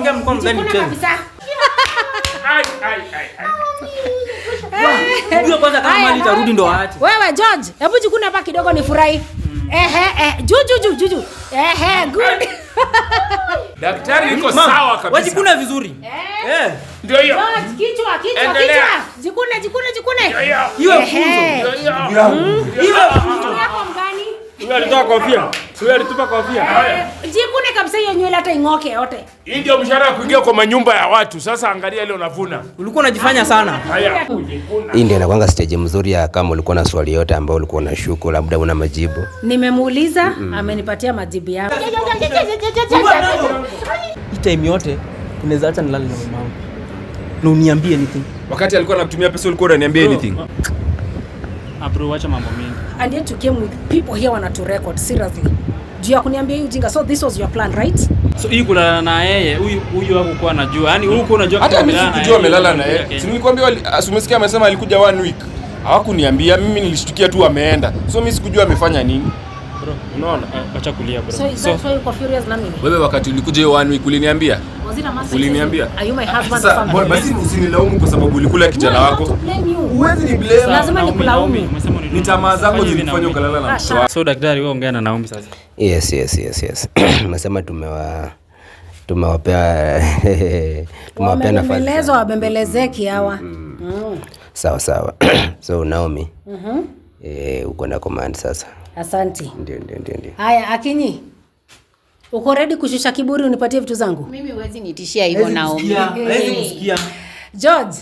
ongea mkono ndani mchezo. Ai ai ai. kwanza kama mali tarudi ndo aache. Wewe George, hebu jikuna hapa kidogo nifurahi. Mm. Ehe eh, juju juju juju. Ehe, good. Daktari yuko sawa kabisa. Wajikuna vizuri. Eh. eh. Ndio hiyo. Kichwa, kichwa, kichwa. Jikune, jikune, jikune. Ndio funzo. Hiyo funzo. hiyo. funzo. Yako alitoa kofia. Sio alitupa kofia. Eh, jikune kabisa hiyo nywele hata ing'oke yote. Hii ndio mshahara wa kuingia kwa manyumba ya watu. Sasa angalia ile unavuna. Ulikuwa unajifanya sana. Haya. Hii ndio inakuanga stage mzuri ya kama ulikuwa na swali yote ambayo ulikuwa na shuku labda una majibu. Nimemuuliza, amenipatia majibu yangu. Hii time yote tunaweza hata nilale na mama Na uniambie anything. Wakati alikuwa anatumia pesa ulikuwa unaniambia anything. Oh. Abro, mambo mingi. And yet you came with people here wanna to record seriously. Juu ya kuniambia hii ujinga. So this was your plan, right? So hii kulala na yeye, huyu huyu kwa anajua. Yaani huyu huko unajua hata mimi sikujua amelala na yeye. Si nilikwambia asimsikia ah, amesema alikuja one week. Hawakuniambia, mimi nilishtukia tu ameenda. So mimi sikujua amefanya nini. Bro, unaona? Eh, Acha kulia bro. So is that why you furious na mimi? Wewe wakati ulikuja hiyo one week uliniambia? Uliniambia? Are you my husband Sasa, something? Basi usinilaumu kwa sababu ulikula kijana wako. you huwezi ni blame. Lazima nikulaume. Ni tamaa zako zilikufanya ukalala na ah, mtu. So daktari, wewe ongea na Naomi sasa. Yes, yes, yes, yes. tumewa tumewapea tumewapea nafasi. wabembelezeki hawa. Mm-hmm. Mm. Sawa sawa. So Naomi. Mhm. Eh, uko na command sasa. Asante. Ndio, ndio, ndio, ndio. Haya, Akinyi. Uko ready kushusha kiburi unipatie vitu zangu? Mimi huwezi nitishia hivyo Naomi. George.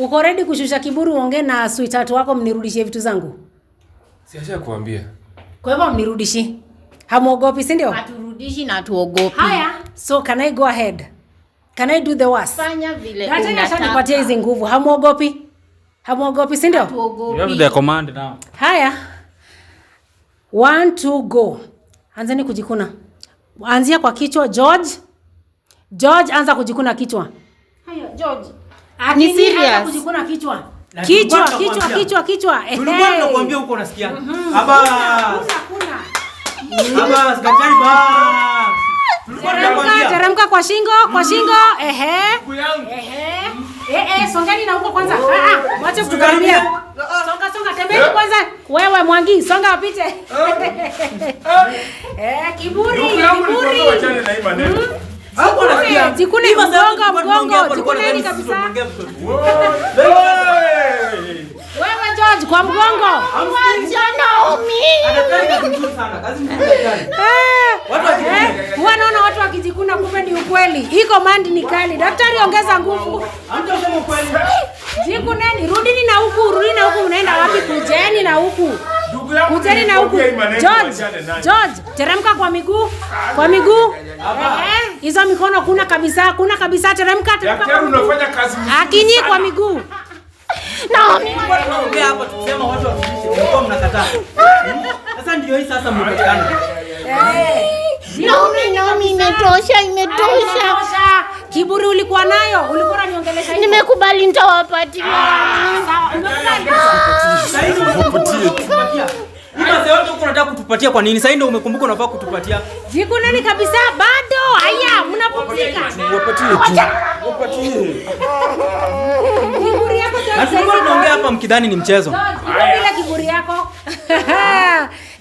Uko ready kushusha kiburi uongee na sweetheart wako mnirudishie vitu zangu? Siacha kuambia. Kwa hivyo mnirudishi. Hamuogopi, si ndio? Haturudishi na tuogopi. Haya, so can I go ahead? Can I do the worst? Fanya vile unataka. Nataka nipatie hizi nguvu. Hamuogopi? Hamuogopi, si ndio? Hatuogopi. You have the command now. Haya. One, two, go. Anzeni kujikuna. Anzia kwa kichwa George. George, anza kujikuna kichwa. Haya, George. Akinianza kujikuna kichwa. Kichwa, kichwa, kichwa, kichwa. Tulikuwa tunakuambia huko unasikia. Aba. Aba, sikatari ba. Tulikuwa tunakuambia. Teremka kwa shingo, kwa mhm. shingo. Ehe. Ehe. Eh, eh, songeni na huko kwanza. Oh. Ah, ah wacha kutukaribia. Oh, oh, songa, songa, tembea eh. kwanza. Wewe Mwangi, songa upite. Eh, kiburi, kiburi jikune mgongo mgongo, jikuneni kabisa. Wewe George kwa mgongo. Eh, eh, huwa naona watu wakijikuna, kumbe ni ukweli. Iko mandi ni kali. Daktari, ongeza nguvu. Jikuneni, rudini na huku, rudini na huku. Unaenda wapi? Kujeni na huku Ucheni na huku. George, George, teremka kwa miguu. Kwa miguu. Hizo mikono kuna kabisa, kuna kabisa teremka teremka. Daktari unafanya kazi mzuri. Akinyi kwa miguu. Na mimi naongea hapa tukisema watu wafikishe, mko mnakataa. Sasa ndio hii sasa mmepatikana. Naomi, Naomi, imetosha, imetosha. Kiburi ulikuwa nayo, ulikuwa unaniongelesha hivi. Nimekubali nitawapatia. Ah, sawa, nimekubali wale wote huko unataka kutupatia kwa nini? Sasa ndio umekumbuka unafaa kutupatia. Viko nani kabisa bado? Haya, mnapumzika. Wapatie. Wapatie. Kiburi yako tu. Na unaongea hapa mkidhani ni mchezo. Bila kiburi yako.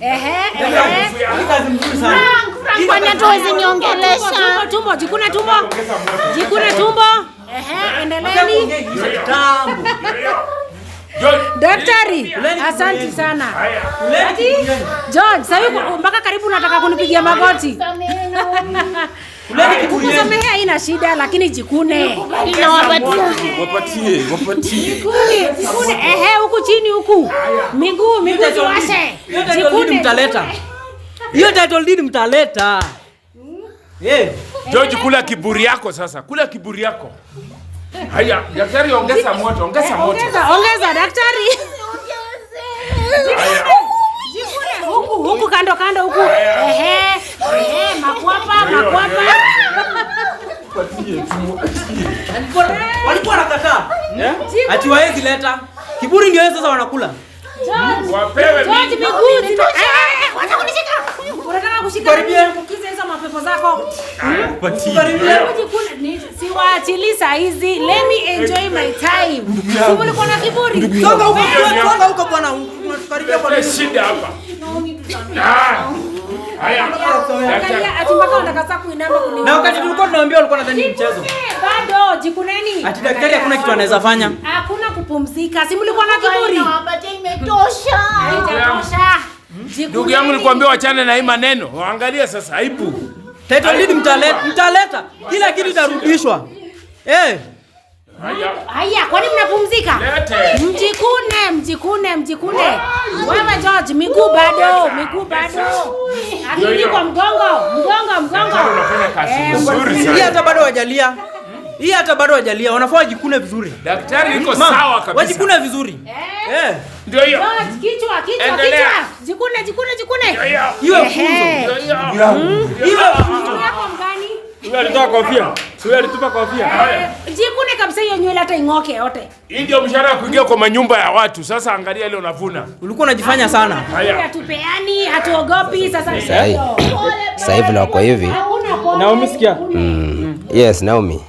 Ehe, ehe. Ni ah, kazi nzuri sana. Kwani hatuwezi niongelesha. Tumbo, jikuna tumbo. Jikuna tumbo. Ehe, endeleeni. Tumbo. Daktari, asante sana. Ati George, sasa mpaka karibu nataka kunipigia magoti. Kukusamehea haina shida lakini jikune. Wapatie, wapatie. Jikune, ehe, huku chini huku. Miguu, miguu ziwashe. Jikune mtaleta. Hiyo title deed mtaleta. Eh, George, kula kiburi yako sasa. Kula kiburi yako. Haya, daktari ongeza moto, ongeza moto. Ongeza, ongeza daktari. Jikure huku huku kando kando huku. Ehe. Ehe, makwapa, makwapa. Walikuwa wanakataa. Eh? Ati waezi leta. Kiburi ndio sasa wanakula. Wapewe miguu. Wacha kunishika. Unataka kushika. Karibia. Kukiza hizo mapepo zako. Karibia niwaachili saa hizi, let me enjoy my time. Ulikuwa na kiburi. Toka huko, toka huko bwana, unatukaribia bwana, shida hapa. Ah. Haya, ati mpaka unataka kuinama kuniua. Na wakati tulikuwa tunaambia walikuwa nadhani mchezo. Bado jikuneni. Ati daktari hakuna kitu anaweza fanya. Hakuna kupumzika. Si mlikuwa na kiburi. Imetosha. Imetosha. Ndugu yangu nilikwambia wachane na hii maneno. waangalia sasa aibu. Title deed mtaleta, mtaleta kila kitu itarudishwa. Eh. Haya, kwani mnapumzika? Mjikune, mjikune, mjikune. Wewe George, miguu bado, miguu bado. Akili kwa mgongo, mgongo, mgongo. Eh, hata bado wajalia. Hii hata bado hajalia, wanafaa wajikune vizuri. Daktari yuko sawa kabisa. Wajikune vizuri. Eh. eh. Ndio hiyo. Kichwa, kichwa, kichwa. Jikune, jikune, jikune. Iwe funzo. Iwe hmm? funzo. Yule alitoa kofia. Yule alitupa kofia. Eh, jikune kabisa hiyo nywele hata ing'oke yote. Hii ndio mshahara kuingia kwa manyumba ya watu. Sasa angalia ile unavuna. Ulikuwa unajifanya sana. Haya. Hatupeani, hatuogopi sasa. Sasa hivi na kwa hivi. Naomi sikia? Mm. Yes, Naomi.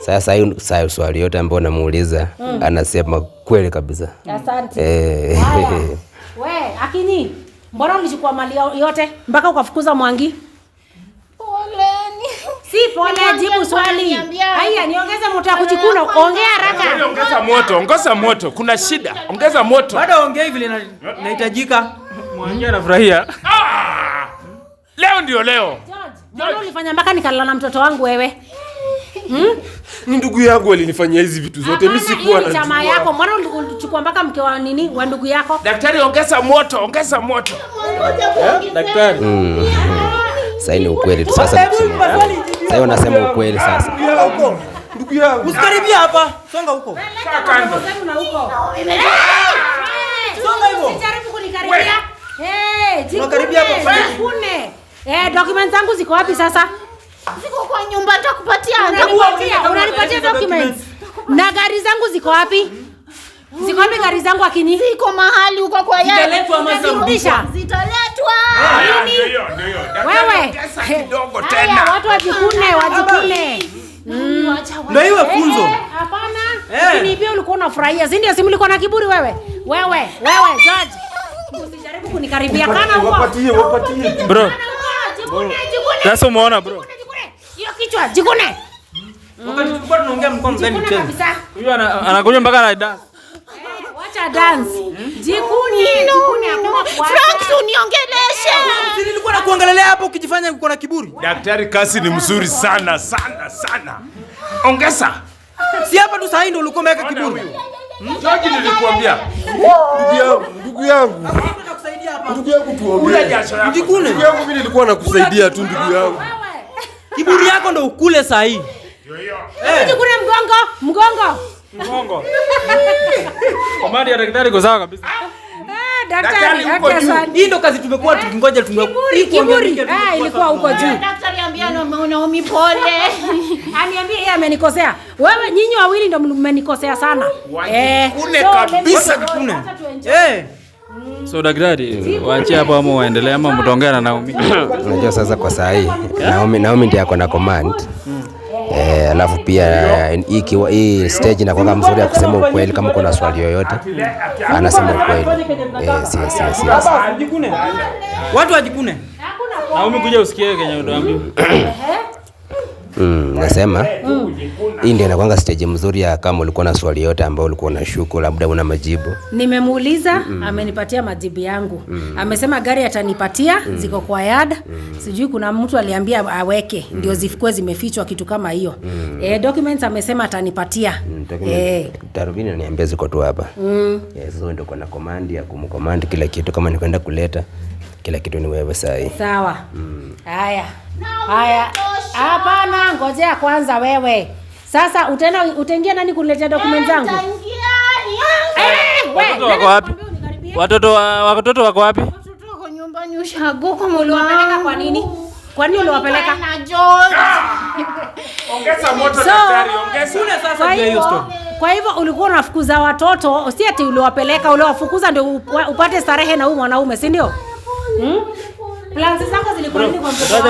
Sasa hiyo swali yote ambayo namuuliza mm. anasema kweli kabisa. Asante. Eh. We, akini mbona ulichukua mali yote mpaka ukafukuza Mwangi? Si pole, jibu swali. Haya, niongeze moto ya kuchikuna. ongea haraka. Ongeza moto, ongeza moto, kuna shida. Ongeza moto. Bado ongea hivi linahitajika. Mwangi anafurahia. Ah! Leo ndio leo. George, ndio ulifanya mpaka nikalala na mtoto wangu wewe. Hmm? Ni ndugu yangu alinifanyia hizi vitu zote. mi sikuwa na jamaa yako. Mbona ulichukua mpaka mke wa nini wa ndugu yako? Daktari, ongeza moto, ongeza moto. Eh? Daktari. Hmm. Sasa ni ukweli tu sasa. Sasa unasema ukweli sasa. Ndugu yangu. Usikaribia hapa. Songa huko. Songa huko. Usijaribu kunikaribia. Eh, hapa jikune. Eh, documents zangu ziko wapi sasa? Ziko kwa nyumba nitakupatia. Unanipatia documents. Na gari zangu ziko wapi? Ziko wapi gari zangu akini? Ziko mahali huko kwa yeye. Zitaletwa ama zitarudisha? Zitaletwa. Wewe. Kidogo tena. Watu wajikune, mm. wajikune. Na iwe funzo. Eh, hapana. Eh. Lakini pia ulikuwa unafurahia. Si ndio simu ulikuwa na kiburi wewe? Wewe, wewe George. Usijaribu kunikaribia kana huko. Wapatie, wapatie. Bro. Sasa umeona bro kichwa, jikune. Hmm. Anakuja mpaka na dance. Eh, wacha dance. Hmm? Jikune, jikune. Frank, uniongeleshe. Eh, nilikuwa nakuongelelea hapo ukijifanya uko na kiburi. Daktari Kasi ni mzuri sana sana sana. Ongeza. Si hapa tu sahi ndio ulikuwa umeweka kiburi. Hmm? George, nilikwambia. Ndugu yangu. Ndugu yangu tuombe. Ndugu yangu mimi nilikuwa nakusaidia tu ndugu yangu. Kiburi yako ndo ukule saa hii. Eh. Kuna mgongo, mgongo. Mgongo. Komandi ya daktari iko sawa kabisa. Eh, daktari yuko juu. Hii ndo kazi tumekuwa eh, tukingoja tumekuwa. Kiburi, kiburi. Ah, ilikuwa huko juu. Daktari ambia na Naomi pole. Aniambia yeye amenikosea. Wewe nyinyi wawili ndo mmenikosea sana. Eh. Kune kabisa kune. Eh. Mm. So daktari, mm. waachie hapo ama waendelee ama mtaongea na Naomi? Unajua sasa kwa saa hii Naomi, Naomi ndiye ako na command mm. Eh, alafu pia hii stage inakuwa mzuri ya kusema ukweli. Kama kuna swali yoyote, anasema ukweli. Eh, si si si, watu wajikune. Naomi, kuja usikie kenye utaambiwa. Mm, nasema hii ndio inakuanga stage mzuri ya kama ulikuwa na swali yote ambayo ulikuwa na shuku labda una majibu. Nimemuuliza mm -mm. amenipatia majibu yangu mm -mm. amesema gari atanipatia mm -mm. ziko kwa yard mm -mm. sijui kuna mtu aliambia aweke mm -mm. ndio zifikwe zimefichwa kitu kama hiyo mm -mm. E, documents amesema atanipatia mm, e. Darubini ananiambia ziko tu hapa mm. Yes, so ndio kuna command ya kumcommand kila kitu kama ni kwenda kuleta kila kitu ni wewe saa hii. Sawa. Mm. Haya. Mm. Haya. Hapana, ngojea kwanza wewe. Sasa utaenda utaingia nani kuniletea document zangu? Eh, watoto eh, wako wapi? Watoto watoto wako wapi? Watoto wako nyumbani ushago kwa mulo wanapeleka kwa nini? Kwa nini uliwapeleka? Na George. Ah! Ongeza moto daktari, ongeza. Kuna sasa hiyo story. Kwa hivyo ulikuwa unafukuza watoto, si ati uliwapeleka, uliwafukuza ndio upate starehe na huyu mwanaume, si ndio? Hmm?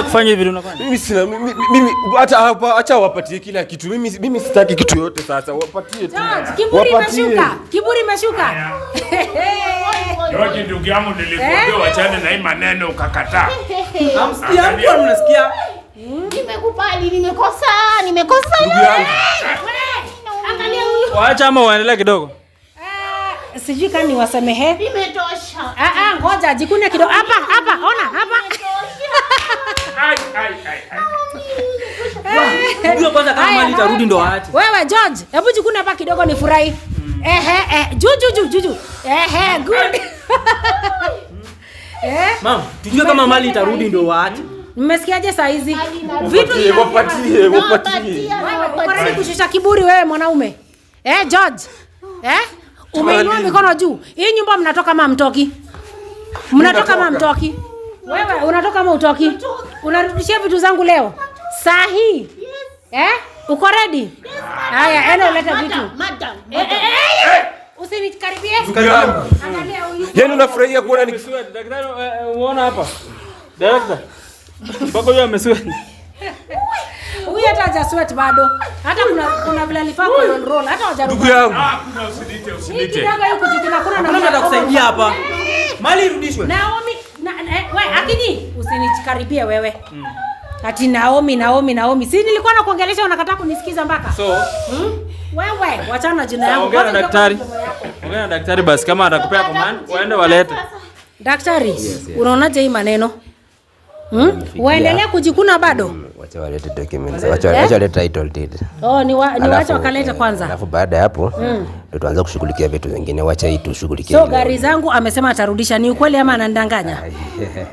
kufanya hivi unafanya? Mimi sina mimi hata hapa acha wapatie kila kitu. Mimi mimi sitaki kitu yote sasa. Wapatie tu. Kiburi imeshuka. Kiburi imeshuka. Yote ndugu yangu nilikwambia eh? wachane na hii maneno ukakataa. Namsikia mtu anasikia. Nimekubali, nimekosa, nimekosa. Eh, Angalia huyu. Waacha ama waendelee kidogo sijui kani wasamehe. Imetosha. Ah ah, ngoja jikune kidogo. Hapa hapa, ona hapa. Eh. Wewe George, hebu jikune hapa kidogo ni furahi. Mm. Ehe eh, eh, juu juu juu. Ehe, eh, good. Eh? Mama, tujue kama mali itarudi ndo waache. Mmesikiaje saa hizi? Vitu wapatie, wapatie. Kushusha kiburi wewe mwanaume. Eh, George. Eh? Umeinua mikono juu. Hii nyumba mnatoka ma mtoki? Mnatoka ma mtoki? Wewe unatoka ma utoki? Unarudishia vitu zangu leo? Sahi. Yes. Eh? Uko ready? Haya, enda uleta vitu. Madam. Eh, eh, eh, Usinikaribie. Angalia huyu. Yeye yaani unafurahia kuona ni daktari unaona hapa. Daktari. Bako yeye amesweat. Huyu hata hajasweat bado. Hata kuna kuna vile alifaa kwa non roll hata wajaribu. Ndugu yangu. Ah, kuna usilite Hii kidogo yuko chukila kuna na. Nataka kusaidia hapa. Mali irudishwe. Naomi na, eh, hmm. wewe akini usinichikaribie wewe. Mm. Ati Naomi Naomi Naomi. Si nilikuwa nakuongelesha unakataa kunisikiza mpaka. So, hmm? Wewe wachana jina yangu. Ongea na daktari. Ongea na daktari basi kama atakupea command, waende walete. Daktari, yes, yes. Unaonaje hii maneno? Hmm? Waendelea kujikuna bado? Hmm, wacha walete documents. Eh? Wacha walete title deed. Oh, ni wacha wakalete eh, kwanza. Alafu baada ya hapo hmm. ndio tuanze kushughulikia vitu vingine. Wacha hii tushughulikie. So gari zangu amesema atarudisha. Ni ukweli ama anandanganya?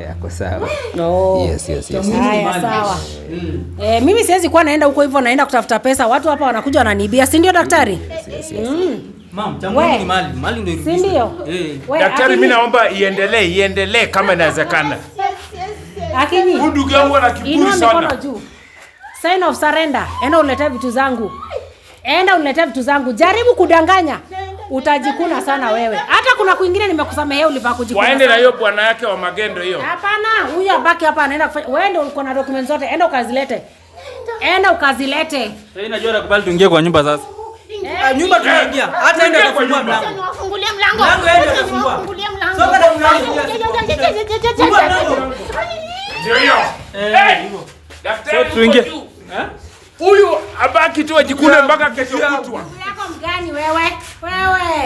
Yako sawa. No. Yes, yes, yes. Haya sawa. Hmm. Eh, mimi siwezi kuwa naenda huko hivyo naenda kutafuta pesa. Watu hapa wanakuja wananiibia, si ndio daktari? Yes, Daktari, mimi naomba iendelee, iendelee kama inawezekana. Lakini ndugu yangu ana kiburi sana. Mikono juu. Sign of surrender. Enda uletee vitu zangu. Enda uniletee vitu zangu. Jaribu kudanganya. Utajikuna sana wewe. Hata kuna kwingine nimekusamehea ulivaa kujikuna. Waende na hiyo bwana yake wa magendo hiyo. Hapana, huyu abaki hapa anaenda kufanya. Wewe ndio uko na documents zote. Enda ukazilete. Enda ukazilete. Sasa najua nakubali tuingie kwa nyumba sasa. Uh, nyumba tunaingia. Hata enda kufungua mlango. Fungulia mlango. Mlango enda kufungua. Fungulia mlango. Soka na mlango. Ndio eh, tuingie. Eh? Huyu abaki tu ajikune mpaka kesho kutwa.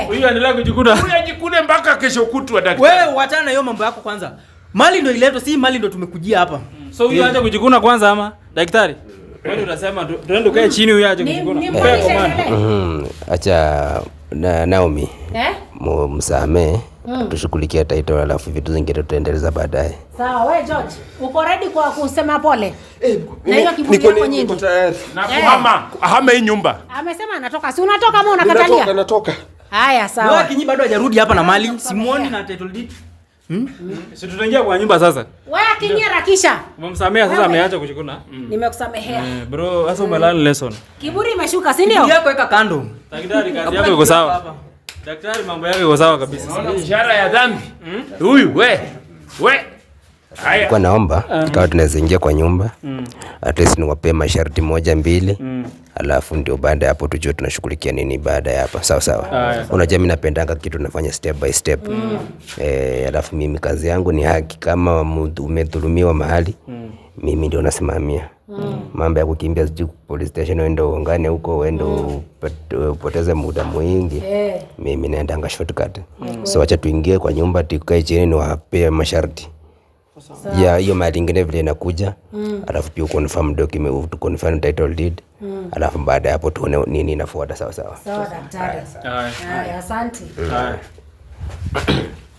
Huyu anaendelea kujikuna. Huyu ajikune mpaka kesho kutwa daktari. Wewe wachana na hiyo mambo yako kwanza. Mali ndio iletwe, si mali ndio tumekujia hapa. Mm. So huyu aje kujikuna kwanza ama daktari? Wewe unasema tuende kae chini huyu aje kujikuna. Mm-hmm. Acha Naomi. Eh? Msamee. Mm. Tushughulikia title alafu vitu zingine tutaendeleza baadaye. Sawa, wewe George, uko ready kwa kusema pole? Eh, na hiyo kiburi yako nyingi. Eh. Na kuhama, ahame hii nyumba. Amesema anatoka. Si unatoka ama unakatalia? Natoka, natoka. Haya, sawa. Wewe kinyi bado hajarudi hapa na mali. Simuoni na title deed. Hmm? Hmm. Si tutaingia kwa nyumba sasa. Wewe kinyi harakisha. Umemsamea sasa ameacha kuchukuna. Mm. Nimekusamehea. Eh, bro, sasa umelala lesson. Kiburi imeshuka, si ndio? Kiburi kaweka kando. Takidari kazi yako iko sawa. Daktari mambo yake yako sawa kabisa. Unaona ishara ya dhambi? Hmm? Huyu hmm? We. We. Kwa naomba -huh. Ah. kawa tunaweza ingia kwa nyumba mm. at least niwapee masharti moja mbili mm. alafu ndio baada ya hapo tujue tunashughulikia nini baada ya hapa sawa sawa. unajua mimi napendanga kitu nafanya step by step mm. eh, alafu mimi kazi yangu ni haki. Kama umedhulumiwa mahali mm. mimi ndio nasimamia Mm. mambo ya kukimbia sijui police station, uende uongane huko, wende mm. upoteze muda mwingi. Eh. Mimi naendanga shortcut, mm. so wacha tuingie kwa nyumba, tukae chini, niwapee masharti ya hiyo mara ingine vile inakuja, alafu pia confirm document, confirm title deed, alafu baada ya hapo tuone nini inafuata. Sawa sawa, sawa daktari. Asante.